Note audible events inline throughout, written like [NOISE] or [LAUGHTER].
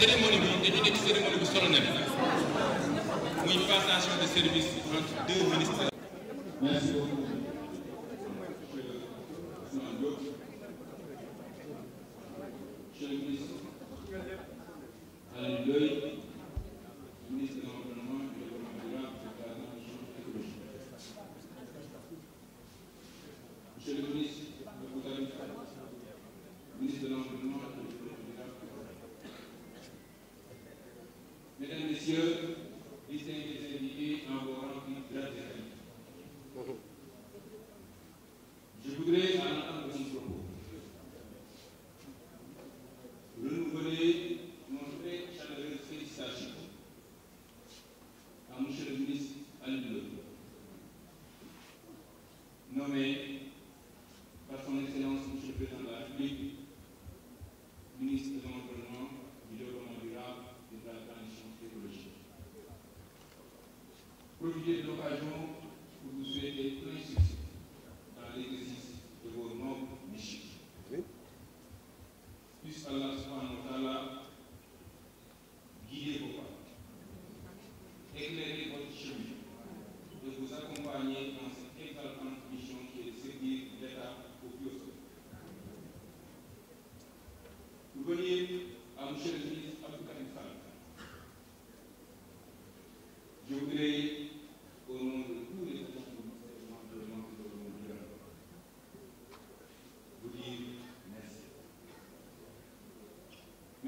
cérémonie bi dañu nekk cérémonie bu solennelle muy passation de service entre deux ministres.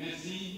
Merci.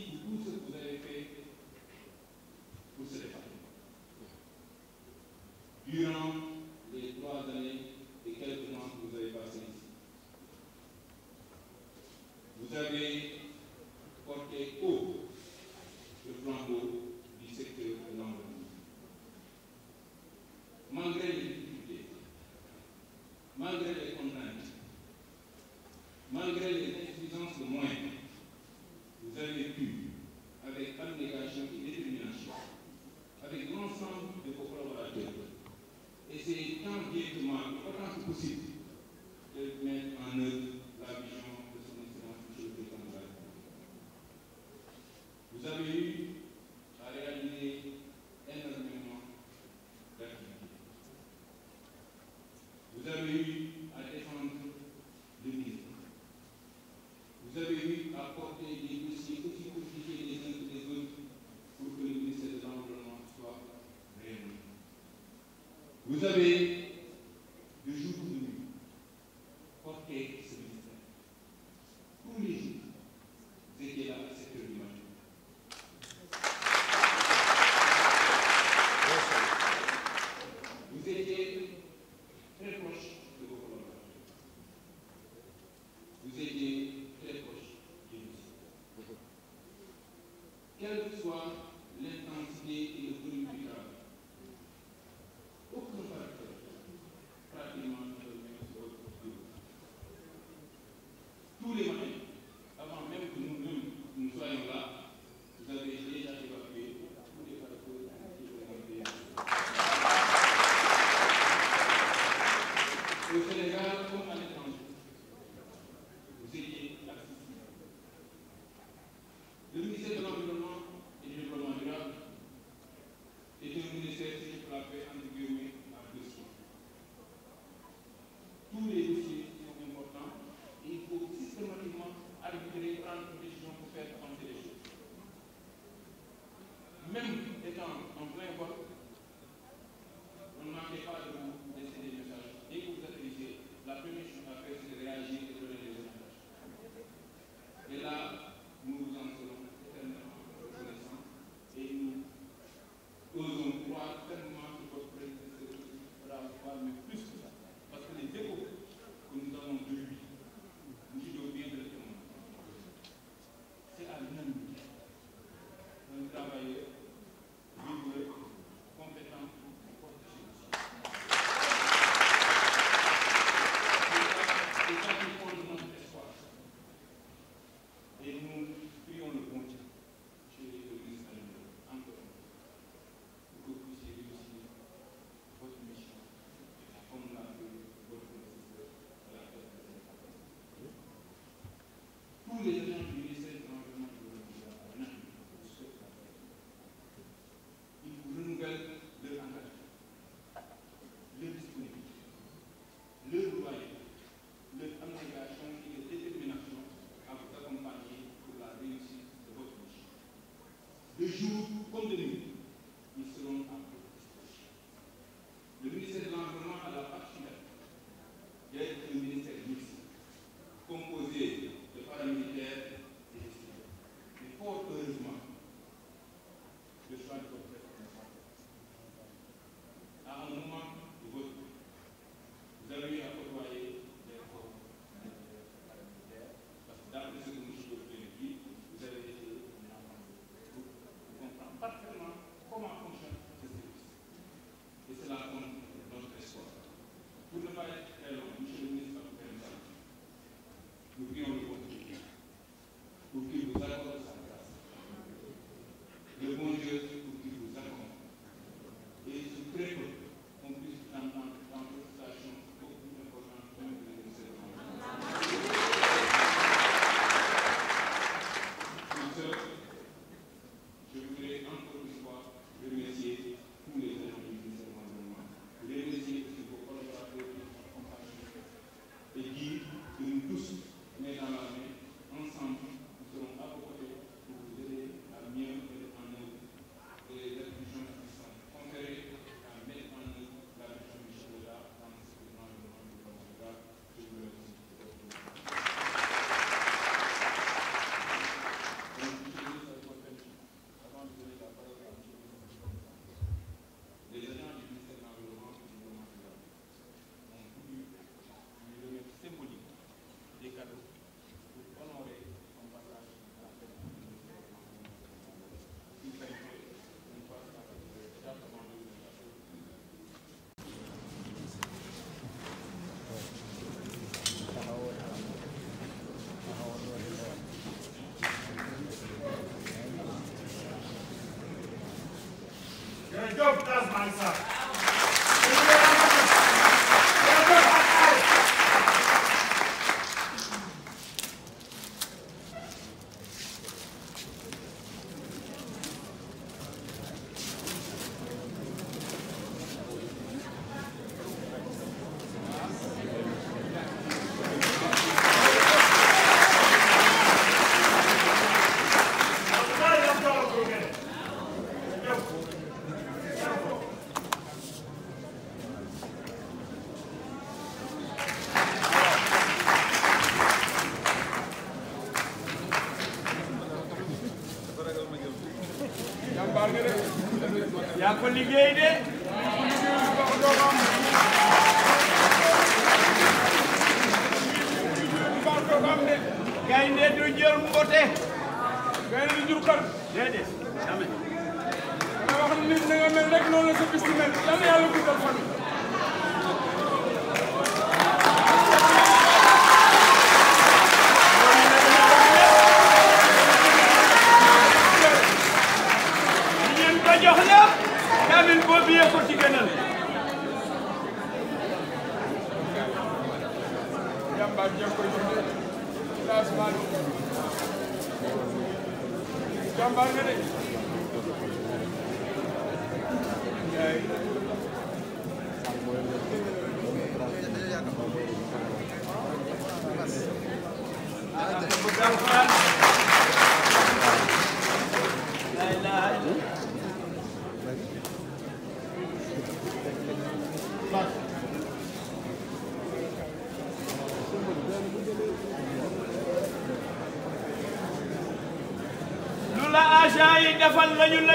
Hamza.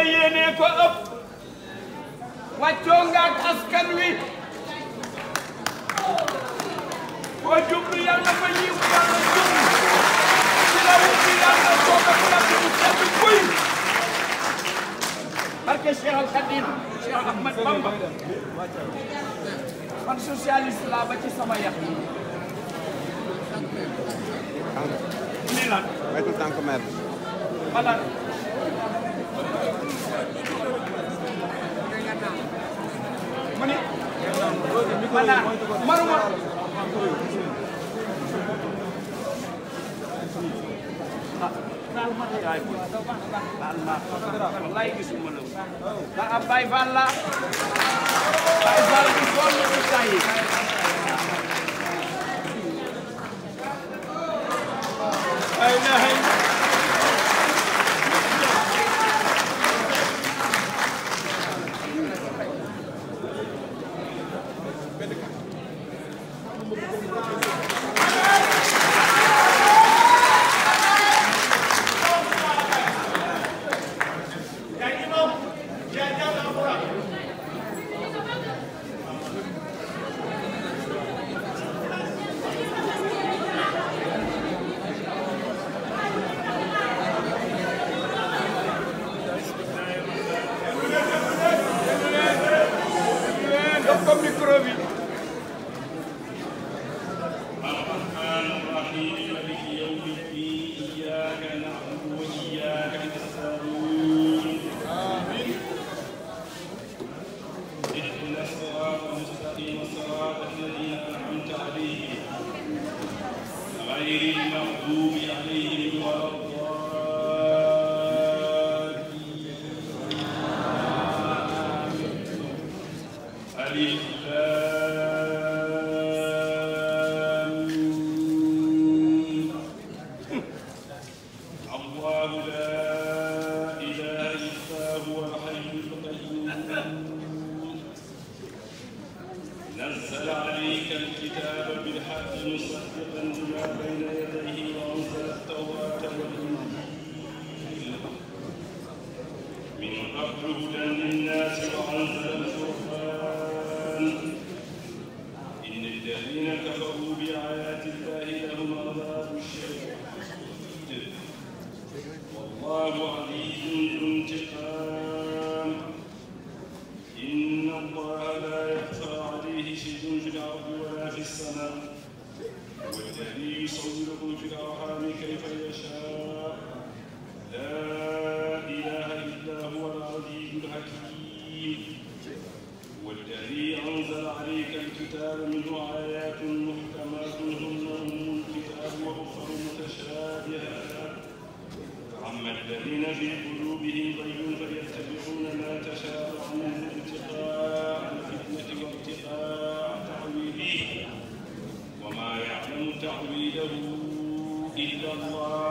yéene ko إلا الله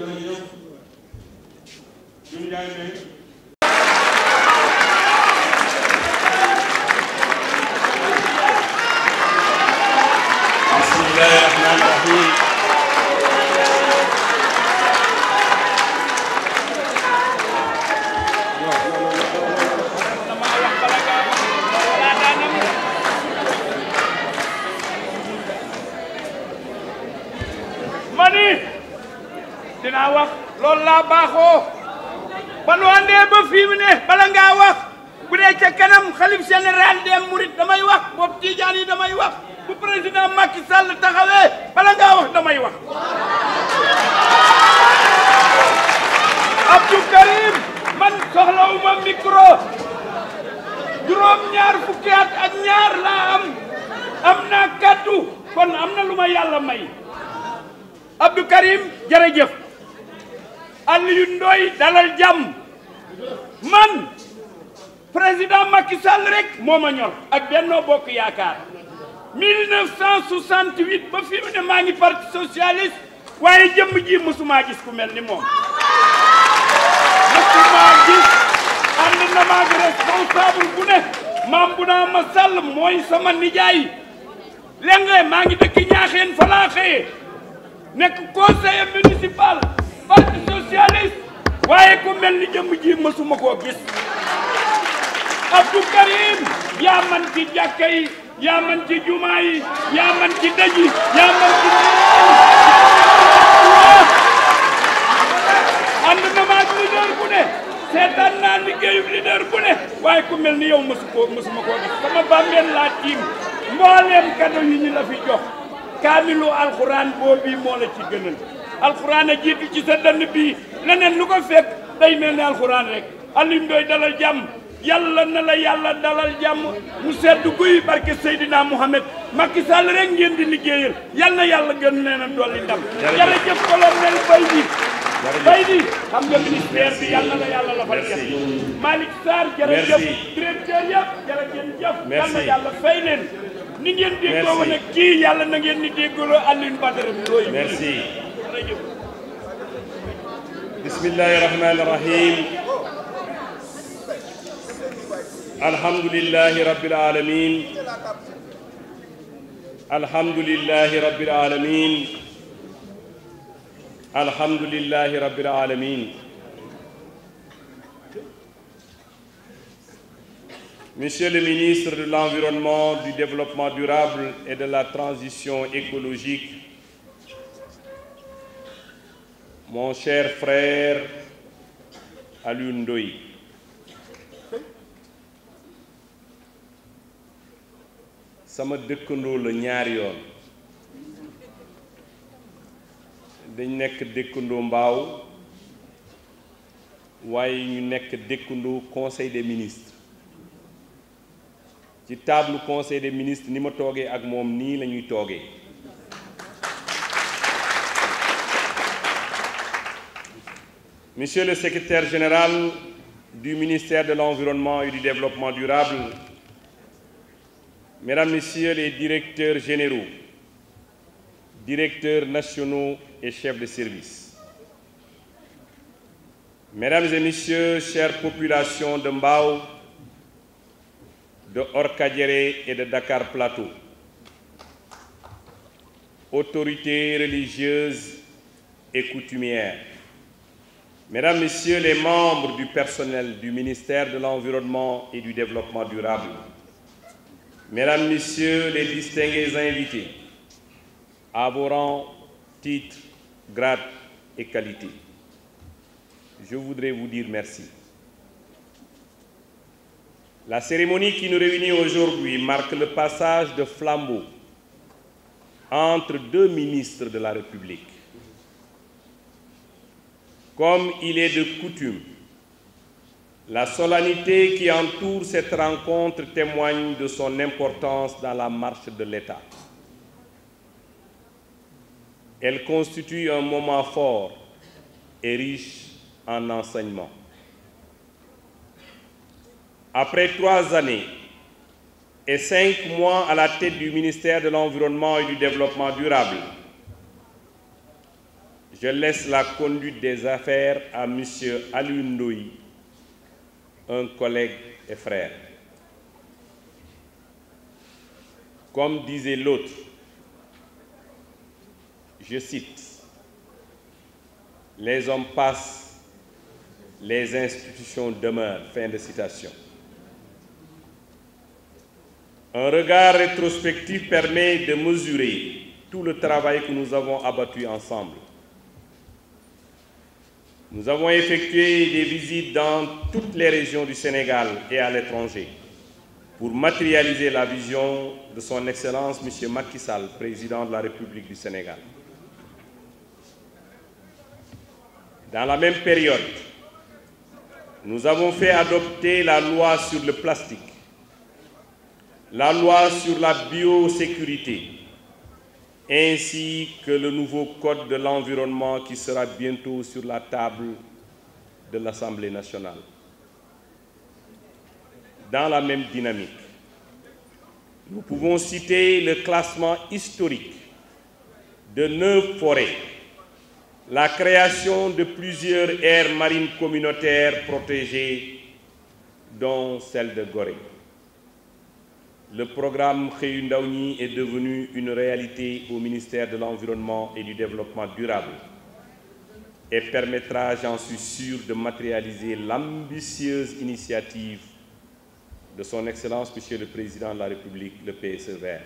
jërëjëf Doudou Ndiaye ne moo ma ñor ak Benno Bokk Yaakaar 1968 ba fi mu ne maa ngi parti socialiste waaye jëmm ji mësumaa gis ku mel ni moom mësumaa gis ànd na maa ngi responsable bu ne maam ma sàll mooy sama nijaay léeg maa ngi dëkk ñaaxeen fa nekk conseiller municipal parti socialiste waaye ku mel ni jëm ji mësuma koo gis a Karim yaa man ci jàkka yi yaa man ci jumaa yi yaa man ci dëj yi yaa man ci ànd na maag leader bu ne seetaan naa liggéeyub leader bu ne waaye ku laa tiim mbooleem kado yi ñu la jox kaamilu alxuraan boobu ci gënal alxuraan a ci sa bii leneen lu ko fekk day alxuraan rek alim doy dalal jàmm yàlla na la yàlla dalal jàmm mu sedd guy barke Seydina Mohamed Macky Sall di liggéeyal yal na yàlla gën neena dolli ndam. jërëjëf colonel Faye bi. Faye bi xam nga ministère bi yal na la yàlla la fa def. Malick Sarr jërëjëf. directeur yëpp jërëjëf. merci yal na yàlla fay leen. ni ngeen déggoo woon ak kii yàlla na ngeen ni déggoo alhamdulillahi rabbil alamin alhamdulillahi rabbil alamin alhamdulillahi rabbil alamin Monsieur le ministre de l'Environnement, du Développement durable et de la Transition écologique, mon cher frère Alioune sama dëkkandoo la ñaari yoon dañ nekk dëkkandoo mbaaw waaye ñu nekk dëkkandoo conseil des ministres ci table conseil des ministres ni ma toogee ak moom nii la ñuy toogee monsieur le secretaire général du ministère de l'environnement et du développement durable Mesdames, Messieurs les directeurs généraux, directeurs nationaux et chefs de service, Mesdames et Messieurs, chère population de Mbao, de et de Dakar Plateau, autorités religieuses et coutumières, Mesdames, Messieurs les membres du personnel du ministère de l'Environnement et du Développement durable, Mesdames, Messieurs les distingués invités, à vos rangs, titres, grades et qualités, je voudrais vous dire merci. La cérémonie qui nous réunit aujourd'hui marque le passage de flambeau entre deux ministres de la République. Comme il est de coutume, La solennité qui entoure cette rencontre témoigne de son importance dans la marche de l'État. Elle constitue un moment fort et riche en enseignements. Après trois années et cinq mois à la tête du ministère de l'Environnement et du Développement durable, je laisse la conduite des affaires à M. un collègue et frère. Comme disait l'autre, je cite, Les hommes passent, les institutions demeurent. Fin de citation. Un regard rétrospectif permet de mesurer tout le travail que nous avons abattu ensemble Nous avons effectué des visites dans toutes les régions du Sénégal et à l'étranger pour matérialiser la vision de son Excellence M. Macky Sall, président de la République du Sénégal. Dans la même période, nous avons fait adopter la loi sur le plastique, la loi sur la biosécurité, ainsi que le nouveau code de l'environnement qui sera bientôt sur la table de l'Assemblée nationale. Dans la même dynamique, nous pouvons citer le classement historique de neuf forêts, la création de plusieurs aires marines communautaires protégées, dont celle de Gorée. Le programme Xëyu Ndaw ñi est devenu une réalité au ministère de l'Environnement et du Développement durable et permettra, j'en suis sûr, de matérialiser l'ambitieuse initiative de son Excellence Monsieur le Président de la République, le PSE Vert.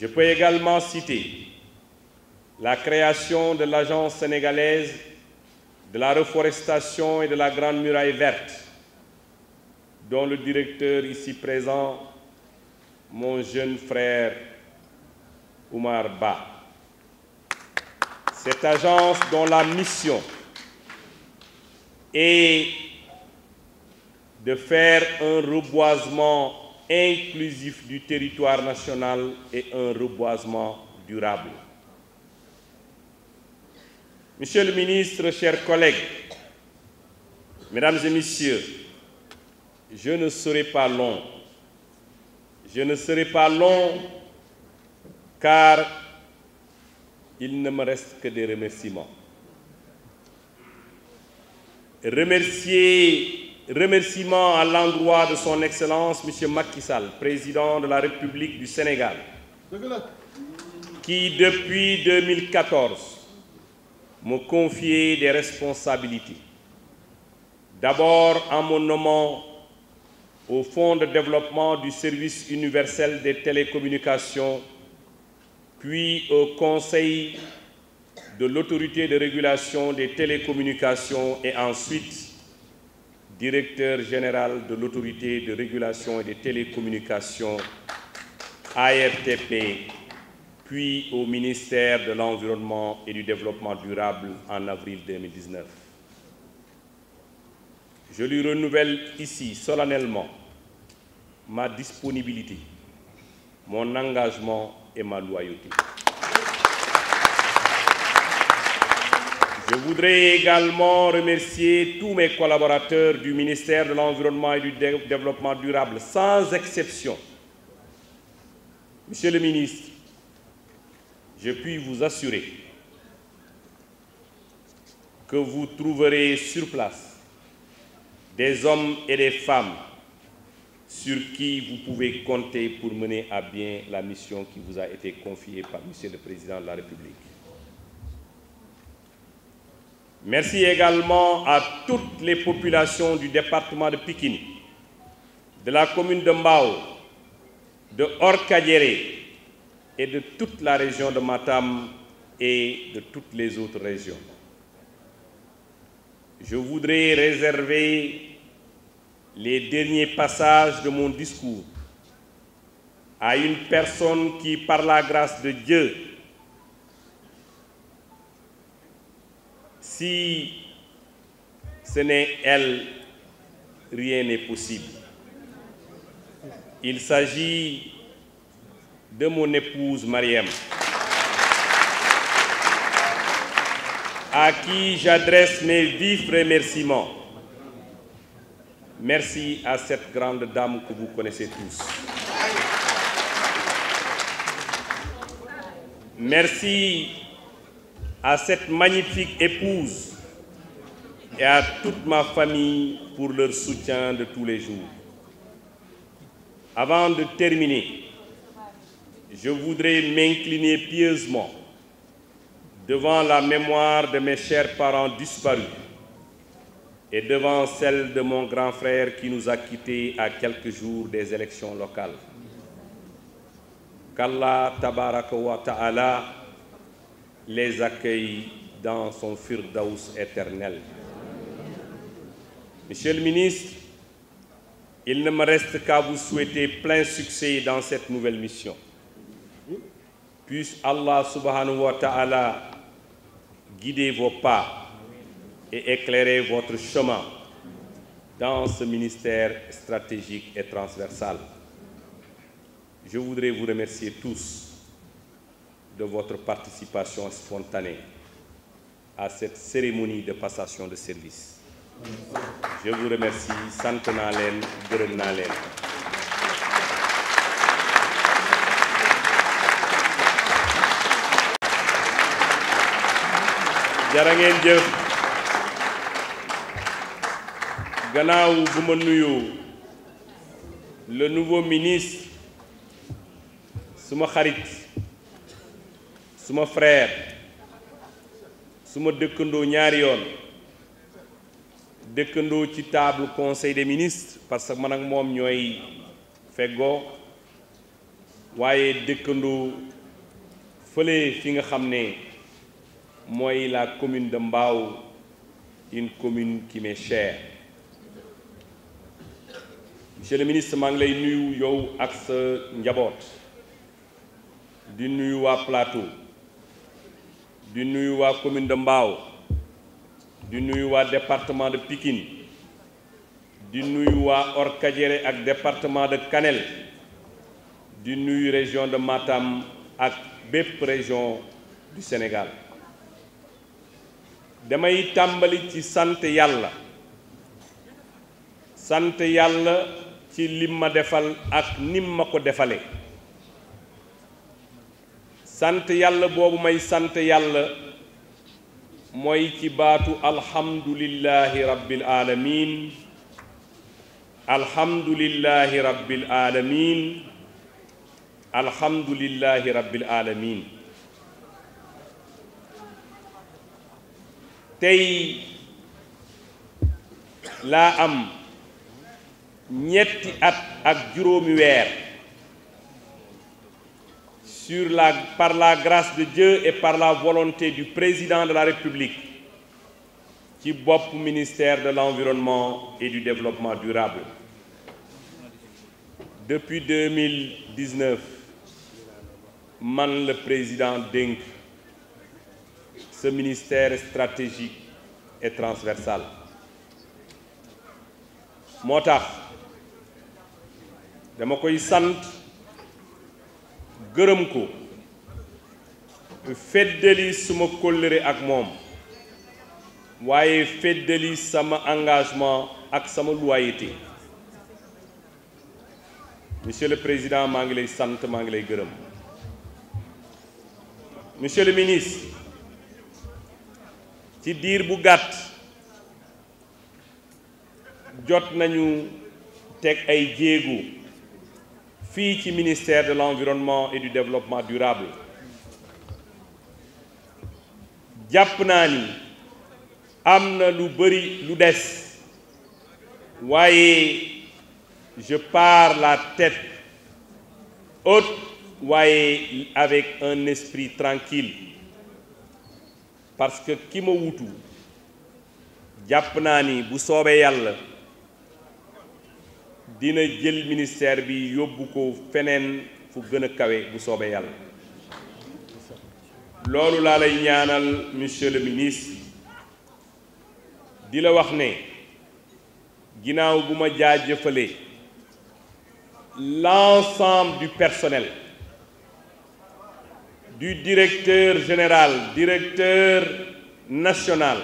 Je peux également citer la création de l'Agence sénégalaise de la reforestation et de la Grande Muraille verte dont le directeur ici présent, mon jeune frère Oumar Ba. Cette agence dont la mission est de faire un reboisement inclusif du territoire national et un reboisement durable. Monsieur le ministre, chers collègues, Mesdames et Messieurs, je ne serai pas long. Je ne serai pas long car il ne me reste que des remerciements. Remercier, à l'endroit de son Excellence, Monsieur Macky Sall, président de la République du Sénégal, qui depuis 2014 me confiait des responsabilités. D'abord en au Fonds de développement du service universel des télécommunications, puis au Conseil de l'autorité de régulation des télécommunications et ensuite directeur général de l'autorité de régulation et des télécommunications, ARTP, puis au ministère de l'Environnement et du Développement durable en avril 2019. Je lui renouvelle ici solennellement ma disponibilité, mon engagement et ma loyauté. Je voudrais également remercier tous mes collaborateurs du ministère de l'Environnement et du Développement durable, sans exception. Monsieur le ministre, je puis vous assurer que vous trouverez sur place des hommes et des femmes sur qui vous pouvez compter pour mener à bien la mission qui vous a été confiée par Monsieur le Président de la République. Merci également à toutes les populations du département de Pikine, de la commune de Mbao, de Orkadiéré et de toute la région de Matam et de toutes les autres régions. Je voudrais réserver les derniers passages de mon discours à une personne qui, par la grâce de Dieu, si ce n'est elle, rien n'est possible. Il s'agit de mon épouse Mariam, à qui j'adresse mes vifs remerciements Merci à cette grande dame que vous connaissez tous. Merci à cette magnifique épouse et à toute ma famille pour leur soutien de tous les jours. Avant de terminer, je voudrais m'incliner pieusement devant la mémoire de mes chers parents disparus et devant celle de mon grand frère qui nous a quittés à quelques jours des élections locales. Qu'Allah tabaraka wa ta'ala les accueille dans son firdaus éternel. Monsieur le ministre, il ne me reste qu'à vous souhaiter plein succès dans cette nouvelle mission. Puisse Allah subhanahu wa ta'ala vos pas et éclairer votre chemin dans ce ministère stratégique et transversal. Je voudrais vous remercier tous de votre participation spontanée à cette cérémonie de passation de service. Je vous remercie sant naa leen gërëm naa leen. gannaaw bu ma nuyoo le nouveau ministre suma xarit suma frère suma dëkkandoo ñaari yoon dëkkandoo ci table conseil des ministres parce que man ak moom ñooy feggoo waaye dëkkandoo fële fi nga xam ne mooy la commune de Mbao une commune qui m'est chère monsieur le ministre maa ngi lay nuyu yow ak sa njaboot di nuyu waa Plateau di nuyu waa commune de Mbao di nuyu waa département de pikin di nuyu waa Orkadiéré ak département de Kanel di nuyu région de Matam ak bépp région du Sénégal damay tàmbali ci sant yàlla sant yàlla ci lim ma defal ak nim ma ko defale sant yàlla boobu may sant yàlla mooy ci baatu alhamdulillahi rabbil alamin alhamdulillahi rabbil alamin alhamdulillahi rabbil alamin tey laa am ñetti at ak juróomi weer sur la par la grâce de Dieu et par la volonté président de la République ci bopp ministère de l'environnement et du développement durable depuis 2019 man le président dénk ce ministère stratégique et transversal moo tax dama koy sant gërëm ko feddali suma kóllëre ak moom waaye feddali sama engagement ak sama loyauté monsieur le président maa ngi lay sant maa ngi lay gërëm monsieur le ministre ci diir bu gàtt jot nañu teg ay jéego fii ci ministère de l'environnement et du développement durable jàpp naa ni am na lu bari lu des waaye je pars la tête haute waaye avec un esprit tranquille parce que ki ma wutu jàpp naa ni bu soobee yàlla dina jël ministère bi yóbbu ko feneen fu gën a kawe bu soobee yàlla loolu laa lay ñaanal monsieur le ministre di la wax ne ginnaaw bu ma jaajëfalee l'ensemble du personnel du directeur général directeur national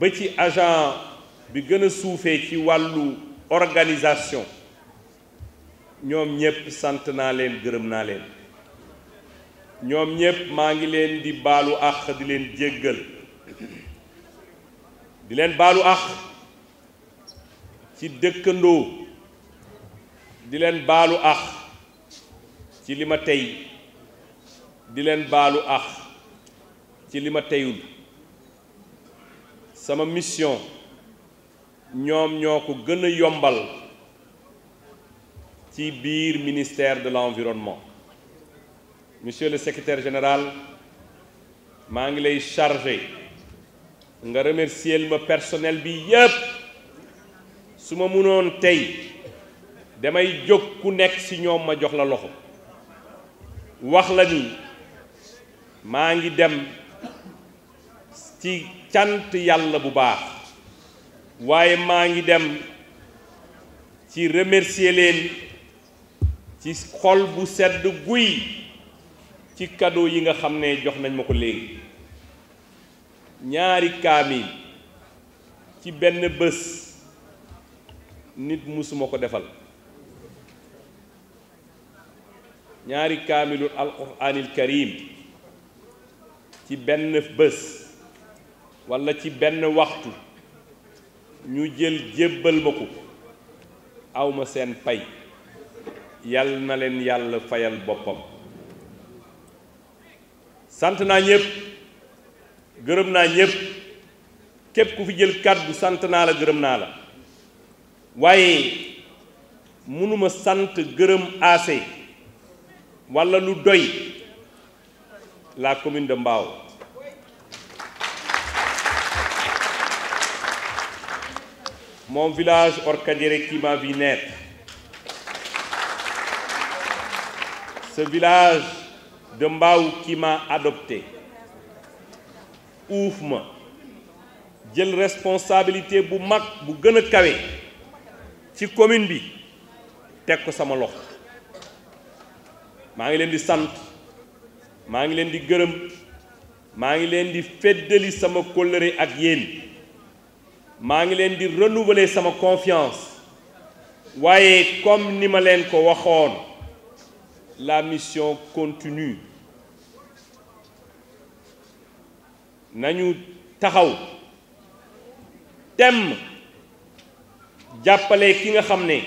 ba ci agent bi gën a suufee ci wàllu organisation ñoom ñëpp sant naa leen gërëm naa leen ñoom ñëpp maa ngi leen di baalu àq di leen jéggal di leen baalu àq ci dëkkandoo di leen baalu àq ci li ma tey di leen baalu àq ci li ma teyul sama missiyon ñoom ñoo ko gën a yombal ci biir ministère de l'environnement monsieur le secretaire général maa ngi lay chargé nga remercier ma personnel bi yépp su ma mënoon tey damay jóg ku nekk ci ñoom ma jox la loxo wax la ni maa ngi dem ci cant yàlla bu baax waaye maa ngi dem ci remercier leen ci xol bu sedd guy ci cadeau yi nga xam ne jox nañ ma ko léegi ñaari kaamil ci benn bés nit musuma ko defal ñaari kaamilul alquranil karim ci benn bés walla ci benn waxtu ñu jël jébbal ma ko awma seen pay yal na leen yàlla fayal boppam sant naa ñëpp gërëm naa ñëpp képp ku fi jël kàddu sant naa la gërëm naa la waaye mënuma sant gërëm assez walla lu doy la commune de Mbao mon village Orkadiéré qui m'a vu naître. Ce village de Mbaou qui adopté. uuf ma jël responsabilité bu mag bu gën a kawe ci commune bi teg ko sama lox maa ngi leen di sant maa ngi leen di gërëm maa ngi leen di feddali sama kóllëre ak yéen maa ngi leen di renouveler sama confiance waaye comme ni ma leen ko waxoon la mission continue nañu taxaw temm jàppale ki nga xam ne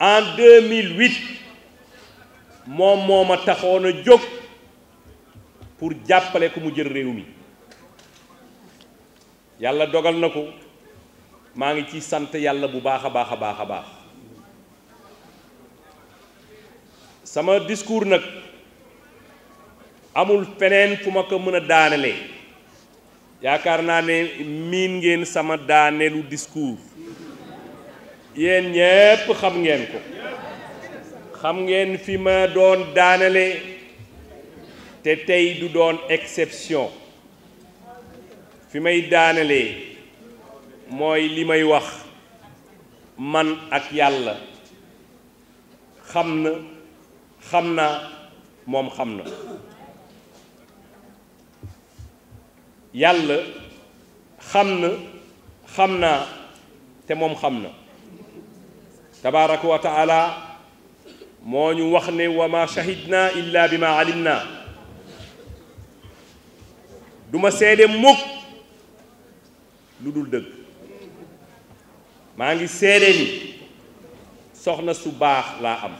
en 2008 moom moo ma taxoon a jóg pour jàppale ku mu jël réew mi yàlla dogal na ko maa ngi ci sant yàlla bu baax a baax a baax a baax sama discours nag amul feneen fu ma ko mën a daanale yaakaar naa ne miin ngeen sama daaneelu discours yéen ñépp xam ngeen ko xam ngeen fi ma doon daanale te tey du doon exception fi may daanalee mooy li may wax man ak yàlla xam na xam naa moom xam na yàlla xam na xam naa te moom xam na tabaaraka wa taala moo ñu wax ne wa ma shahidna illa bi ma alim naa du mukk lu dul dëgg maa ngi seede ni soxna su baax laa am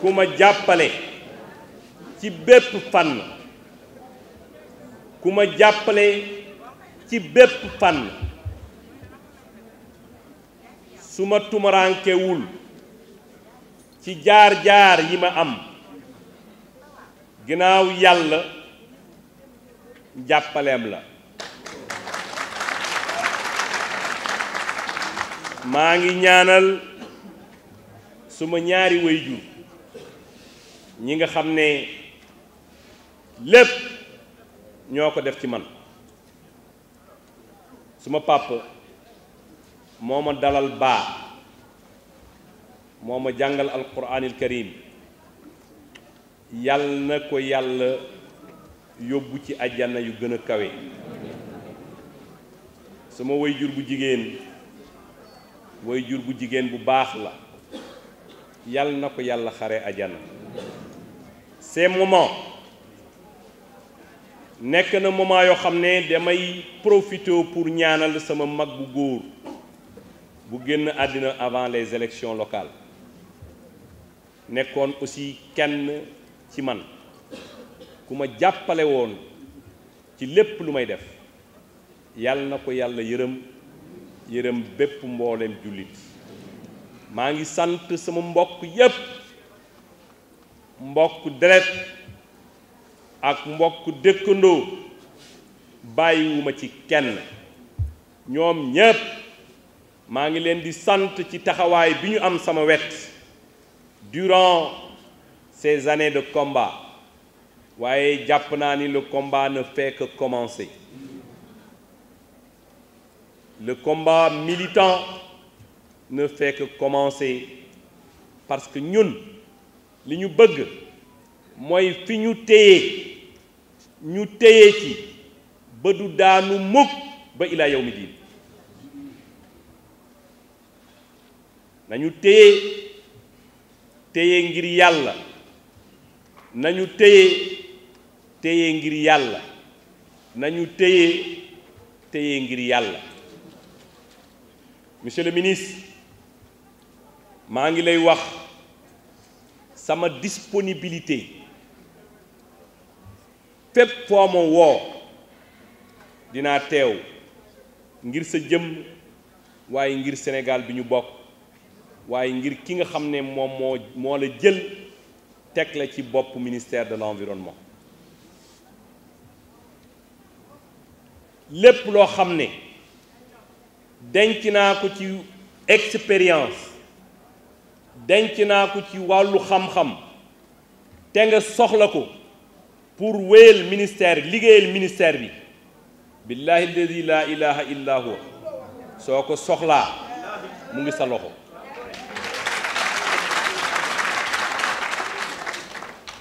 ku ma jàppale ci bépp fànn ku ma jàppale ci bépp fànn su ma tumarankewul ci jaar-jaar yi ma am ginnaaw yàlla jàppaleem la maa ngi ñaanal suma ñaari wayjur ñi nga xam ne lépp ñoo ko def ci man suma pàpp moo ma dalal baa moo ma jàngal alquranil karim yàlla na ko yàlla yóbbu ci àjjana yu gën a kawe sama jur bu jigéen jur bu jigéen bu baax la yàlla na ko yàlla xare ajana ces moment nekk na moment yoo xam ne damay profité pour ñaanal sama mag bu góor bu génn àddina avant les élections locales nekkoon aussi kenn ci man ku ma jàppale woon ci lépp lu may def yàlla na ko yàlla yërëm yërëm bépp mboolem jullit maa ngi sant sama mbokk yépp mbokk deret ak mbokk dëkkandoo bàyyiwuma ci kenn ñoom ñépp maa ngi leen di sant ci taxawaay bi ñu am sama wet durant ces années de combat waaye jàpp naa ni le combat ne commencer le combat militant ne fait commencer parce que ñun li ñu bëgg mooy fi ñu téye ñu téye ci ba du daanu mukk ba ilaa yow mi diin nañu téye téye ngir yàlla nañu téye téye ngir yàlla nañu téye téye ngir yàlla monsieur le ministre maa ngi lay wax sama disponibilité fépp foo woo dinaa teew ngir sa jëm waaye ngir Sénégal bi ñu bokk waaye ngir ki nga xam ne moom moo moo la jël teg la ci bopp ministère de l'environnement lépp loo xam ne denc naa ko ci expérience denc naa ko ci wàllu xam-xam te nga soxla ko pour wéyal ministère liggéeyal ministère bi billahi laa ilaha illa huwa soo ko soxlaa mu ngi sa loxo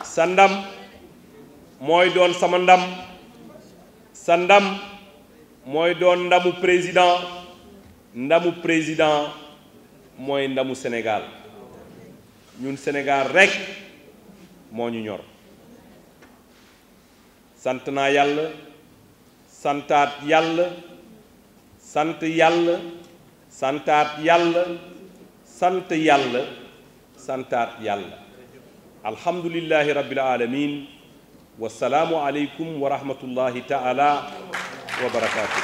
sa ndam mooy doon sama ndam sa ndam mooy doon ndamu président ndamu président mooy ndamu Sénégal ñun Sénégal rekk moo ñu ñor sant naa yàlla santaat yàlla sant yàlla santaat yàlla sant yàlla santaat yàlla alhamdulillahi rabbil alamin wasalaamu aleykum wa rahmatullahi taala wa barakaatu.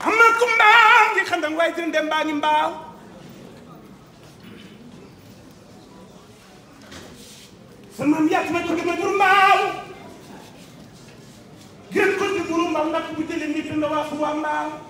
am na ku mbaa ngi xam dang waaye dina dem mbaa ngi mbaaw Wamba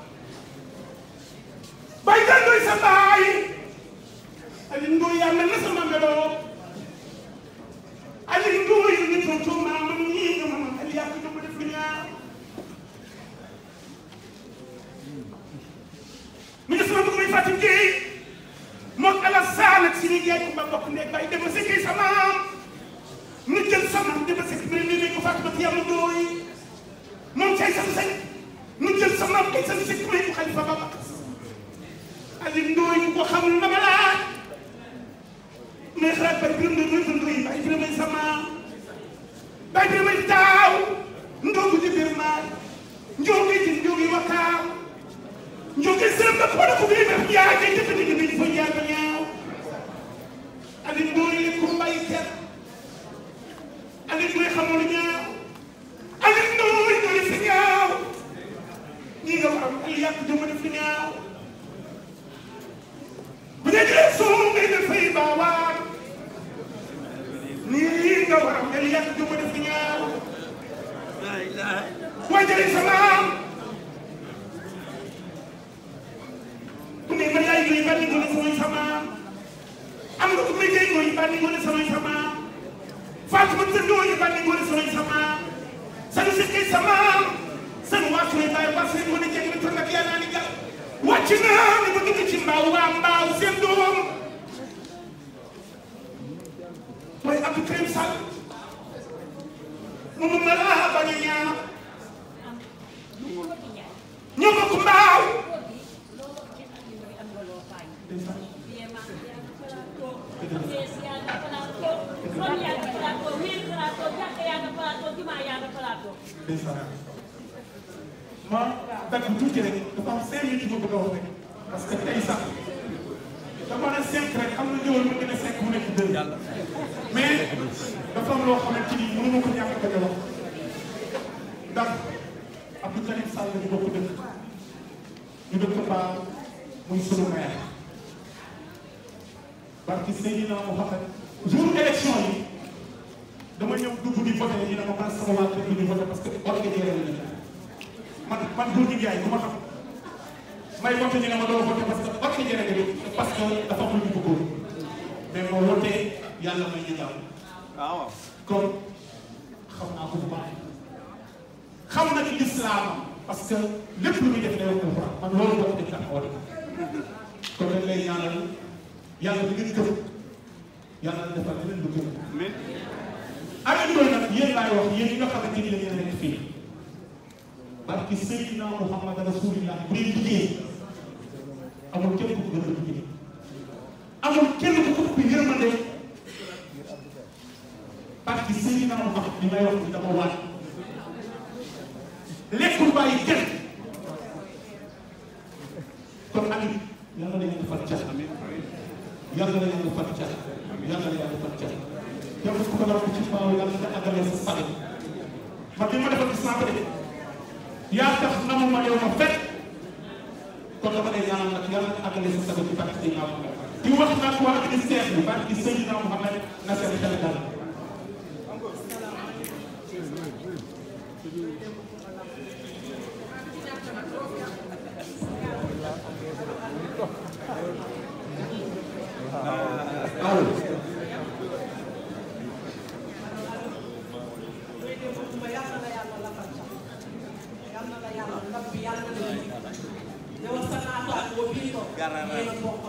ndeysaan ma dagg tuuti rek dafa am cinq minutes ma bëgg a wax rek parce que tey sax dama ne am na ñëwal mën nga ne cinq mu nekk deux mais dafa am loo xamante ni mënu ma ko ñàkk bañ a wax ndax Abdou Karim Sall ñu bokk dëkk ñu dëkk Ba muy sunu maire barki Seydina Mouhamed voté ñu ne ma man sama waa kër gi ñu voté parce que organisé nañu man man Gorgui Ndiaye bu ma xam may voté ñu ne ma doo voté parce que organisé nañu parce que dafa am lu ñu bëggoon mais moo voté yàlla may ñu jàll. Ah waaw kon xam naa ko bu baax xam na ni lislaam parce que lépp lu muy def day wax alxuraan man loolu bokk nañu tax a kon dañ lay ñaanal yàlla li ngeen gëm yàlla defal leneen lu gën. alal yooyu nag yéen laay wax yéen ñi nga xamante ni dañu leen nekk fii barki Seydina Muhammad Rasulillah bu dee liggéey amul kenn ku ko gën a liggéey amul kenn ku ko ëpp yërmande barki Seydina Muhammad li may wax ni dama waat lekkul bàyyi kenn kon Aliou yàlla na yàlla defal ca yàlla na yàlla defal ca yàlla na yàlla defal ca yow ku ko doon ci mbaaw yàlla nga àggale sa sànni man li ma defal gis naa ko de yaa tax na ma yow ma fekk kon dama lay ñaanal nag yàlla nga àggale sa sànni ci bàq si ñaaw di wax nag waa ministère bi bàq si sëñ na Mouhamed na seen xel dal Allo Amen.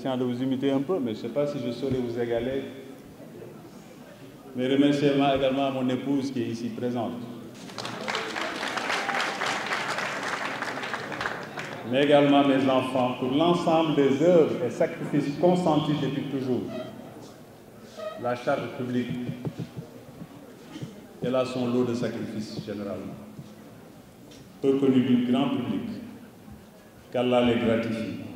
essayant de vous imiter un peu, mais je ne sais pas si je saurais vous égaler. Mes remerciements également mon épouse qui est ici présente. Mais également mes enfants pour l'ensemble des œuvres et sacrifices consentis depuis toujours. La charge publique, elle a son lot de sacrifices généralement, peu connu du grand public, qu'Allah les gratifie.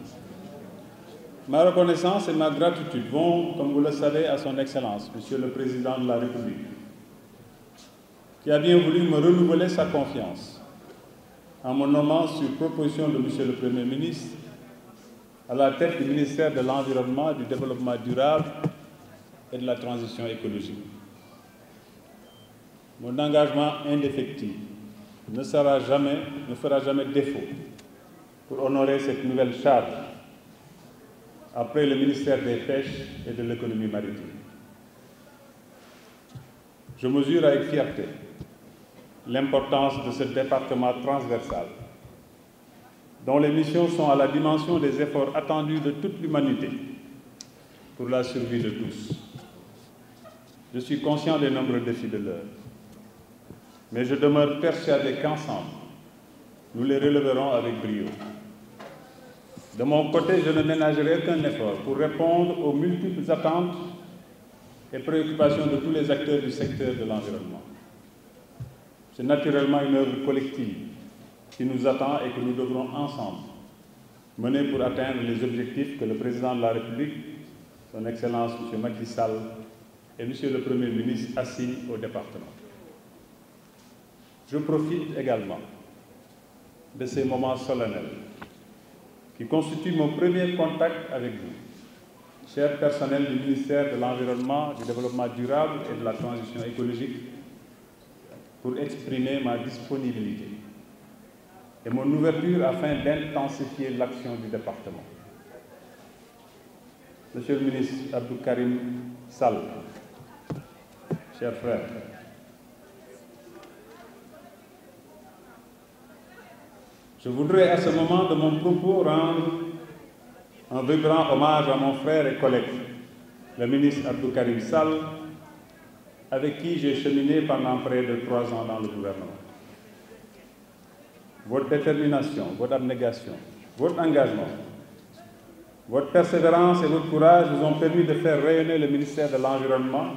Ma reconnaissance et ma gratitude vont, comme vous le savez, à son Excellence, Monsieur le Président de la République, qui a bien voulu me renouveler sa confiance en me nommant sur proposition de Monsieur le Premier ministre à la tête du ministère de l'Environnement, du Développement durable et de la Transition écologique. Mon engagement indéfectible ne sera jamais, ne fera jamais défaut pour honorer cette nouvelle charge après le ministère des Pêches et de l'économie maritime. Je mesure avec fierté l'importance de ce département transversal, dont les missions sont à la dimension des efforts attendus de toute l'humanité pour la survie de tous. Je suis conscient des nombreux défis de l'heure, mais je demeure persuadé qu'ensemble, nous les releverons avec brio. De mon côté, je ne ménagerai aucun effort pour répondre aux multiples attentes et préoccupations de tous les acteurs du secteur de l'environnement. C'est naturellement une œuvre collective qui nous attend et que nous devrons ensemble mener pour atteindre les objectifs que le président de la République, son Excellence M. Macky Sall et M. le Premier ministre assignent au département. Je profite également de ces moments solennels qui constitue mon premier contact avec vous. Cher personnel du ministère de l'Environnement, du Développement durable et de la Transition écologique, pour exprimer ma disponibilité et mon ouverture afin d'intensifier l'action du département. Monsieur le ministre Abdou Karim Sall, chers frères, Je voudrais à ce moment de mon propos rendre un vibrant hommage à mon frère et collègue, le ministre Abdou Karim Sall, avec qui j'ai cheminé pendant près de ans dans le gouvernement. Votre détermination, votre abnégation, votre engagement, votre persévérance et votre courage vous ont permis de faire rayonner le ministère de l'Environnement.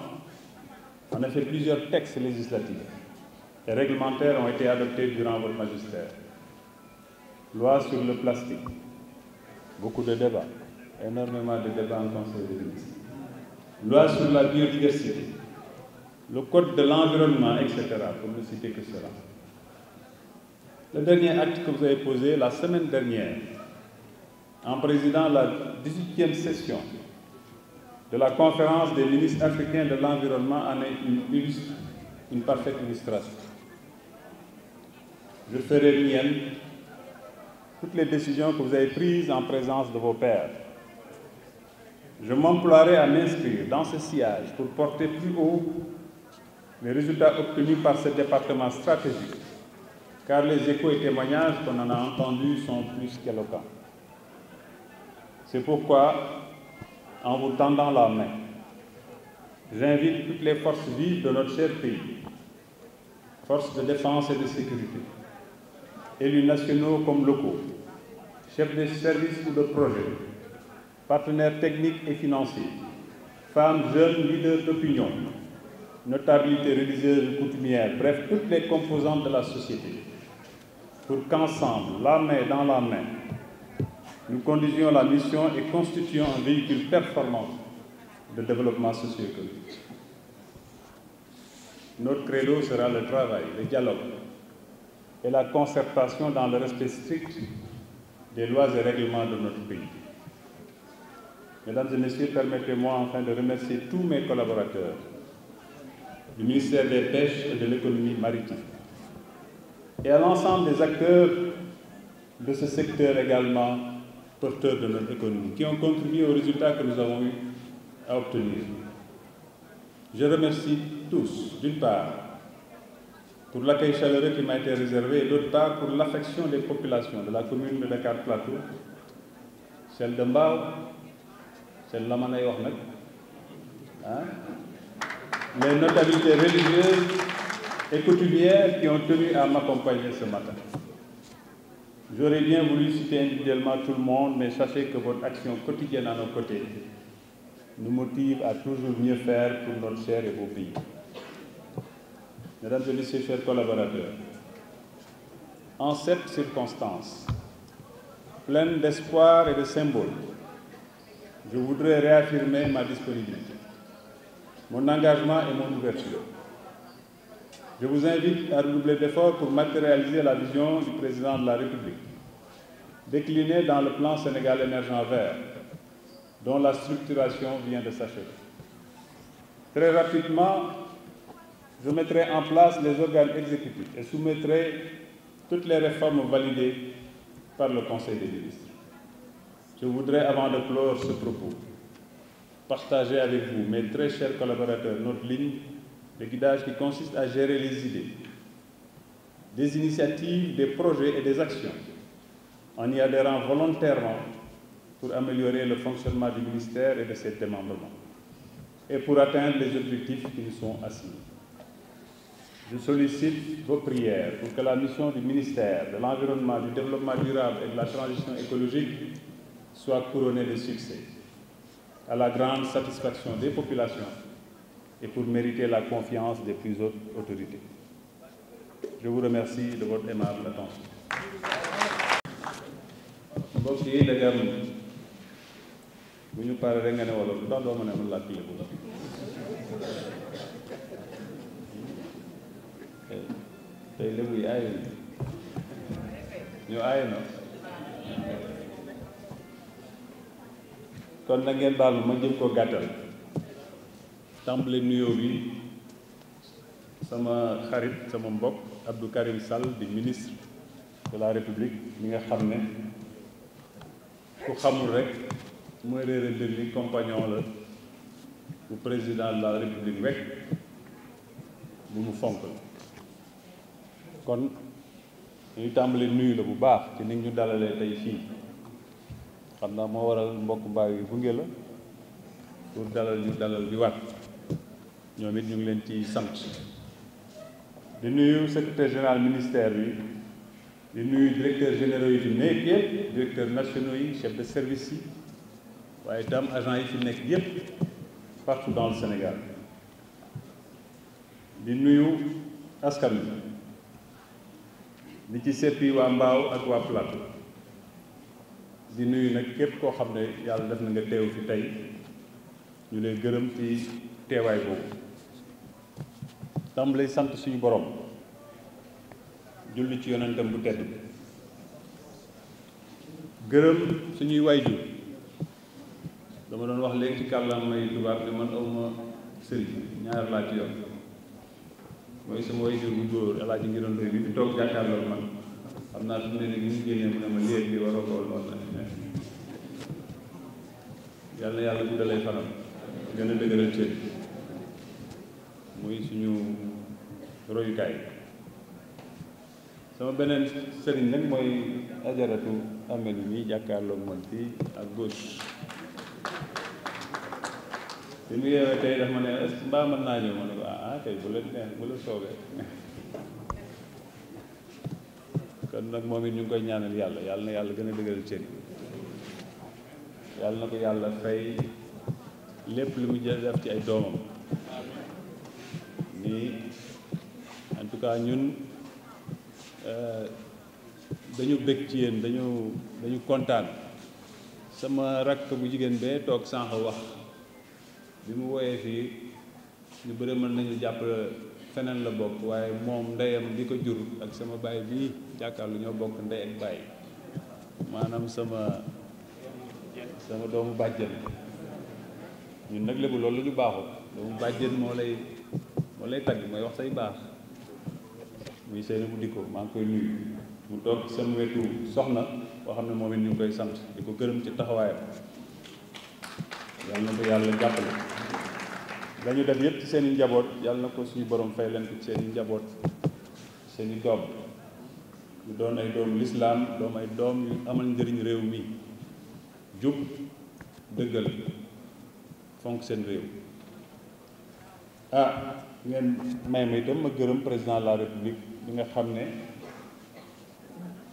En effet, plusieurs textes législatifs et réglementaires ont été adoptés durant votre magistère. loi sur le plastique beaucoup de débats énormément de débats en conseil des ministres loi sur la biodiversité le code de l'environnement etc pour ne citer que cela le dernier acte que vous avez posé la semaine dernière en présidant la 18e session de la conférence des ministres africains de l'environnement en est une illustre, parfaite illustration. Je ferai mienne toutes les décisions que vous avez prises en présence de vos pères. Je m'emploierai à m'inscrire dans ce sillage pour porter plus haut les résultats obtenus par ce département stratégique, car les échos et témoignages qu'on en a entendus sont plus qu'éloquents. C'est pourquoi, en vous tendant la main, j'invite toutes les forces vives de notre cher pays, forces de défense et de sécurité, élus nationaux comme locaux, chefs de service ou de projet, partenaires techniques et financiers, femmes, jeunes, leaders d'opinion, notabilité religieuse, coutumière, bref, toutes les composantes de la société, pour qu'ensemble, la main dans la main, nous conduisions la mission et constituions un véhicule performant de développement socio-économique. Notre credo sera le travail, le dialogue, et la concertation dans le respect strict des lois et règlements de notre pays. Mesdames et Messieurs, permettez-moi enfin de remercier tous mes collaborateurs du ministère des Pêches et de l'économie maritime et à l'ensemble des acteurs de ce secteur également porteurs de notre économie qui ont contribué aux résultats que nous avons eu à obtenir. Je remercie tous, d'une part, pour l'accueil chaleureux qui m'a été réservé et d'autre part pour l'affection des populations de la commune de Dakar Plateau celle de Mbao celle la ma lay wax nag ah les notabilités religieuses et coutumières qui ont tenu à m'accompagner ce matin j'aurais bien voulu citer individuellement tout le monde mais sachez que votre action quotidienne à nos côtés nous motive à toujours mieux faire pour notre cher et beau pays Mesdames et Messieurs, chers collaborateurs, en cette circonstance, pleine d'espoir et de symboles, je voudrais réaffirmer ma disponibilité, mon engagement et mon ouverture. Je vous invite à redoubler d'efforts pour matérialiser la vision du président de la République, déclinée dans le plan Sénégal émergent vert, dont la structuration vient de s'achever. je mettrai en place les organes exécutifs et soumettrai toutes les réformes validées par le Conseil des ministres. Je voudrais, avant de clore ce propos, partager avec vous, mes très chers collaborateurs, notre ligne de guidage qui consiste à gérer les idées, des initiatives, des projets et des actions, en y adhérant volontairement pour améliorer le fonctionnement du ministère et de ses démembrements, et pour atteindre les objectifs qui nous sont assignés. je sollicite vos prières pour que la mission du ministère de l'Environnement, du Développement durable et de la transition écologique soit couronnée de succès, à la grande satisfaction des populations et pour mériter la confiance des plus hautes autorités. Je vous remercie de votre aimable attention. mbokk yi da gar bu ñu paree rek nga ne wolof ndax doo mën a mën làkk lébu la tey lébu yi aayu ñu aayu na kon na ngeen baal ma jëm ko gàttal tàmbale nuyoo sama xarit sama mbokk Abdou Karim Sall di ministre de la République mi nga xam ne ku xamul rek mooy réera dënni compagnon la bu président la République rek bu mu fonk la kon ñu tàmbali nuyu la bu baax ci ni ñu dalalee tey fii xam naa moo waral mbokk mbaay yu gunge la pour dalal ñu dalal bi wat ñoom it ñu ngi leen ci sant di nuyu secrétaire général ministère bi di nuyu directeur généraux yi fi nekk yëpp directeur nationaux yi chef de service yi waaye itam agent yi fi nekk yëpp partout dans le Sénégal di nuyu askan wi li ci seppi waa mbaaw ak waa plateau di nuyu nag képp koo xam ne yàlla def na nga teew fi tey ñu lay gërëm ci teewaay boobu tam lay sant suñu borom julli ci yonentam bu tedd bi gërëm suñuy waajur dama doon wax léegi ci kàllaam may tubaab ne man awma sëriñ ñaar laa ci yoon mooy sama wayjur bu góor El Hadj Ngiroon Ndoye bi fi toog jàkkaarloo man xam naa fi mu ne nii bu ñu génnee mu ne ma lii lii waroo ko woon yal na yàlla guddalee fanam gën a dëgëral cër muy suñu royukaay sama beneen sëriñ nag mooy ajaratu amel yi ñuy jàkkaarloo man fii ak gauche bi mu yeewee tey daf ma ne mbaa mën naa ñëw ma a ko ah, ah kay bu leen neex bu leen soobee [LAUGHS] kon nag moom it ñu ngi koy ñaanal yàlla yàlla na yàlla gën a dëgëral cër yi yàlla na ko yàlla fay lépp li mu jël def ci ay doomam nii en tout cas ñun euh, dañu bëgg ci yéen dañu kontaan sama rakk bu jigéen bee toog sànq wax bi mu woyee fii ñu bëri mën nañu jàpp feneen la bokk waaye moom ndeyam di ko jur ak sama baay bii jàkkaarlu ñoo bokk ndey ak baay maanaam sama sama doomu bàjjen ñun nag lébu loolu la ñu baaxoo doomu bàjjen moo lay moo lay tagg mooy wax say baax muy seeni bu dikko maa ngi koy nuyu mu toog sama wetu soxna boo xam ne moom it ñu ngi koy sant di ko gërëm ci taxawaayam yàlla na ko yàlla jàppale la ñu def yépp ci seen i njaboot yàlla na ko suñu borom fay leen ko ci seen i njaboot seen i doom ñu doon ay doom lislaam doom ay doom yu amal njëriñ réew mi jub dëggal fonk seen réew ah ngeen may ma itam ma gërëm président la république bi nga xam ne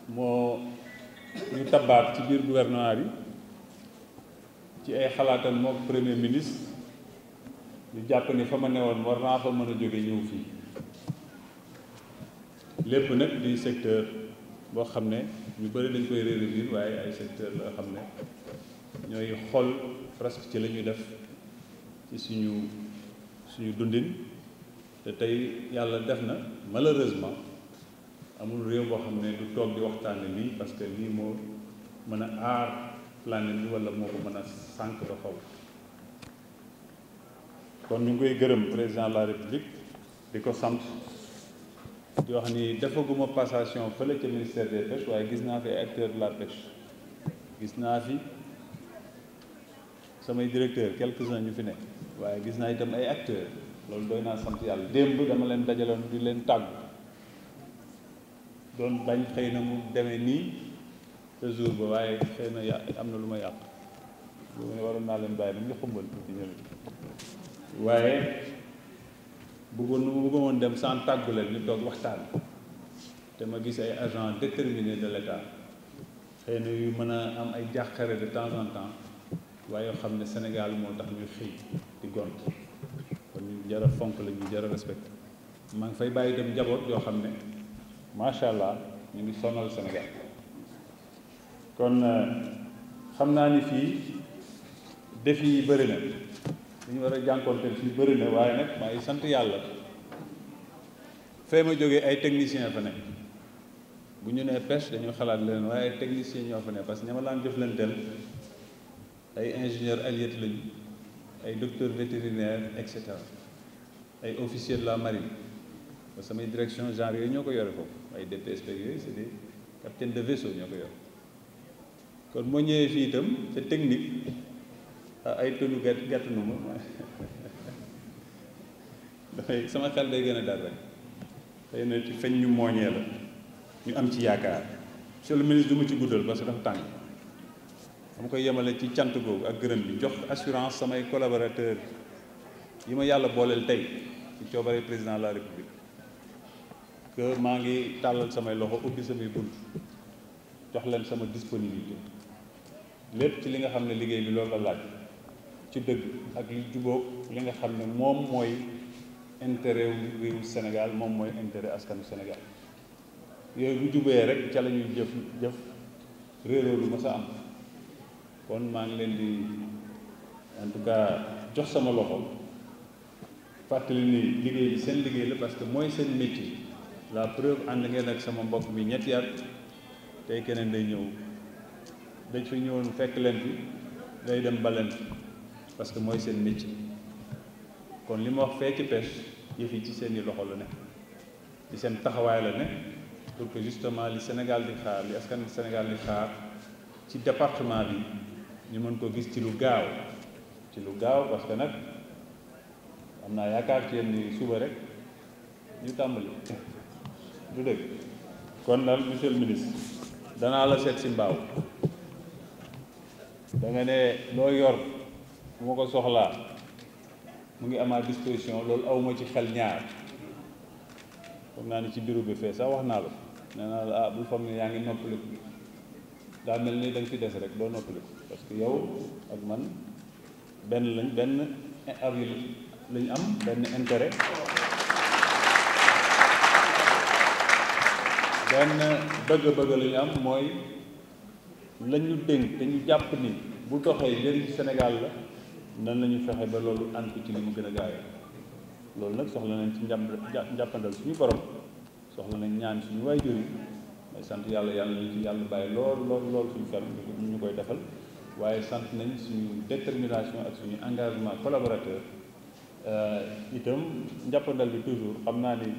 moo ñu tabaat ci biir gouvernement bi ci ay xalaatam mook premier ministre lu jàpp ni fa ma ne newoon war naa fa mën a jóge ñëw fii lépp nag di secteur boo xam ne ñu bëri dañ koy réeré biir waaye ay secteur la xam ne ñooy xool presque ci lañuy def ci suñu suñu dundin te tey yàlla def na malheureusement amul réew boo xam ne du toog di waxtaane lii parce que lii moo mën a aar planète bi wala moo ko mën a sànq ba kon ñu ngi koy gërëm président de la république di ko sant di wax nii defaguma passation fële ca ministère des pêches waaye gis naa fi ay acteurs de la pêche gis naa fi samay directeur quelques-uns ñu fi nekk waaye gis naa itam ay acteurs loolu doy naa sant yàlla démb dama leen dajaloon di leen tàggu doon bañ xëy na mu demee nii te jour ba waaye xëy na yà am na lu ma yàq lu ma waroon naa leen bàyyi ba ñu xumbal tuuti ñëw waaye buggoon na ma bëggoon dem sans tàggu leen ñu toog waxtaan te ma gis ay agents déterminés de l'État xëy yu mën a am ay jàqare de temps en temps waaye yoo xam ne Sénégal moo tax ñu xëy di gont kon ñu jara fonk la ñu jara respecté maa ngi fay bàyyi dem njaboot yoo xam ne macha allah ñu ngi sonal Sénégal kon euh, xam naa ni fii def yi bëri na dañu war a jànkonteel fii bëri na waaye nag maa sant yàlla fee ma jóge ay technicien fa ne bu ñu nee pêche dañu xalaat leen waaye ay technicien ñoo fa nekk parce que ñama laan jëflanteel ay ingénieur alliés lañu ay docteur vétérinaire et cetera ay officier la marine ba samay direction genre yooyu ñoo ko yore ko ay DPSP yooyu c'est des capitaine de vaisseau ñoo ko yore kon moo ñëwee fii itam te technique Ah, ay tëju gàtt gàtt nu ma dafay sama xel day gën a dal rek xëy nañu ci feñ ñu mooñee la ñu am ci yaakaar monsieur le ministre du ci guddal parce que dafa tàng dama koy yemale ci cant boobu ak gërëm bi jox assurance samay collaborateur yi ma yàlla booleel tey ci coobare président la république que maa ngi tàllal samay loxo ubbi samay bunt jox leen sama disponibilité lépp ci li nga xam ne liggéey bi loolu la laaj ci dëgg ak li jubóog li nga xam ne moom mooy intérêt wu Sénégal moom mooy intérêt askanu Sénégal yooyu bu jubee rek ca la ñuy jëf jëf réeróo du ma sa am kon maa ngi leen di en jox sama loxo fàttali ni liggéey bi seen liggéey la parce que mooy seen métier la preuve ànd ngeen ak sama mbokk mi ñetti at tey keneen day ñëw dañ fi ñëwoon fekk leen fi day dem ba fi parce que mooy seen métier kon li ma wax fee ci pêche yëf yi ci seeni loxo la ne ci seen taxawaay la ne pour que justement li Sénégal di xaar li askan Sénégal di xaar ci département bi ñu mën ko gis ci lu gaaw ci lu gaaw parce que nag am naa yaakaar ci yéen ni suba rek ñu tàmbali du dëgg kon daal monsieur ministre danaa la seet si mbaaw da ne loo yor bu ma ko soxlaa mu ngi amaa disposition loolu awma ci xel ñaar foog naa ne ci bureau bi fee sax wax naa la nee la ah bul foog ne yaa ngi noppaliku daa mel ni da nga fi des rek doo noppaliku parce que yow ak man benn lañ benn avril lañ am benn intérêt benn bëgg-bëgg lañu am mooy lañu dénk te ñu jàpp ni bu doxee njëriñ Sénégal la nan la fexe ba loolu ànd ci li mu gën a gaawee loolu nag soxla nañ ci njàppandal suñu borom soxla nañ ñaan suñu waay jur yi may sant yàlla yàlla ñu ci yàlla bàyyi loolu lool lool suñu kanam ñu ñu koy defal waaye sant nañ suñu détermination ak suñu engagement collaborateur euh, itam njàppandal bi toujours xam naa ni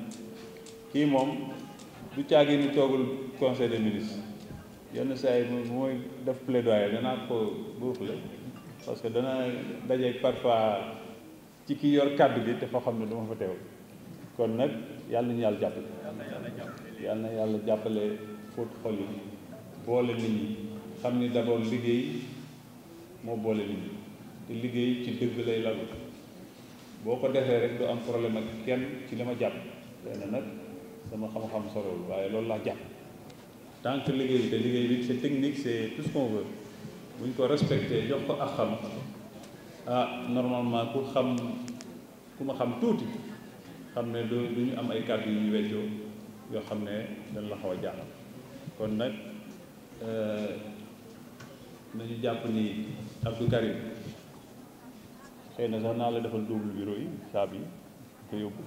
kii moom du caagi ni toogul conseil des ministres yenn saa yi mooy def plaidoyer danaa ko buuxle parce que dana dajeeg parfois ci kii yor kàddu bi te foo xam ne du ma fa teew kon nag yàlla ñu yàlla jàppale yàlla na yàlla jàppale fóot xol yi boole nit ñi xam ni d'abord liggéey moo boole nit ñi te liggéey ci dëgg lay lalu boo ko defee rek du am problème ak kenn ci li ma jàpp lenn nag sama xam-xam sorewul waaye loolu laa jàpp tant que liggéey te liggéey bi c'est technique c'est tout buñ ko respecté jox ko ak xam ah normalement ku xam ku ma xam tuuti xam ne du du ñu am ay kàddu yu ñu weccoo yoo xam ne dañ la xaw a jaaxal kon nag euh, nañu jàpp ni Abdou Karim xëy na sax naa la defal double bureau yi saab yi ko yóbbu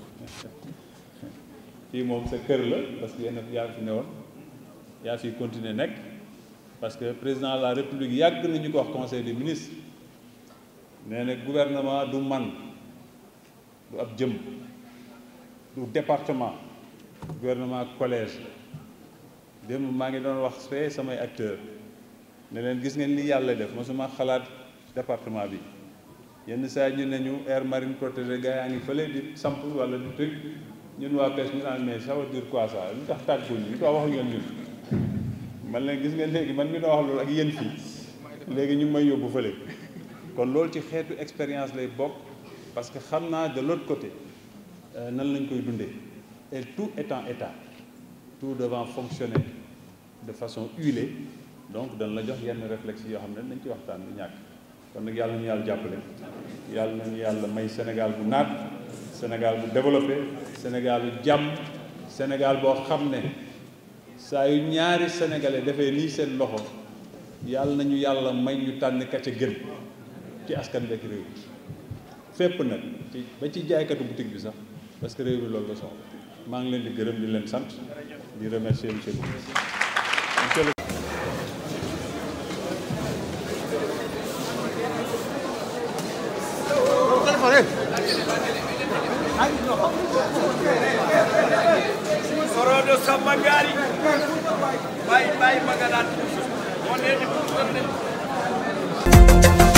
fii [LAUGHS] moom sa kër la parce que yéen yaa fi ne woon yaa fi continuer nekk parce que président la république yàgg nañu ko wax conseil des ministres nee na gouvernement du man du ab jëm du département gouvernement collège démb maa ngi doon wax fee samay acteurs ne gis ngeen ni yàlla def mosuma xalaat département bi yenn saa ñu ne ñu air marine protégée gaa yaa ngi fële di samp wala di tëj ñun waa pêche ñu naan mais ça veut dire quoi ça lu tax tàgguñ ñu ko wax ngeen ñun man leen gis nga léegi man mi doo wax loolu ak yéen fii léegi ñu may yóbbu fële kon loolu ci xeetu expérience lay bokk parce que xam naa de l'autre côté euh, nan lañ koy dundee et tout étant état tout devant fonctionner de façon huilée donc dañ la jox yenn réflexe yoo xam ne nañ ci waxtaan du ñàkk kon nag yàlla ñu yàlla jàppale yàlla nañu yàlla may Sénégal bu naat Sénégal bu développé Sénégal bu jàmm Sénégal boo xam ne saa yu ñaari sénégalais defee nii seen loxo yàlla nañu yàlla may ñu tànn ka ca gën ci askan bekk réew mi fépp nag ci ba ci jaaykatu boutique bi sax parce que réew mi loolu la soxla maa ngi leen di gërëm di leen sant di remercier monsieur le ministre magana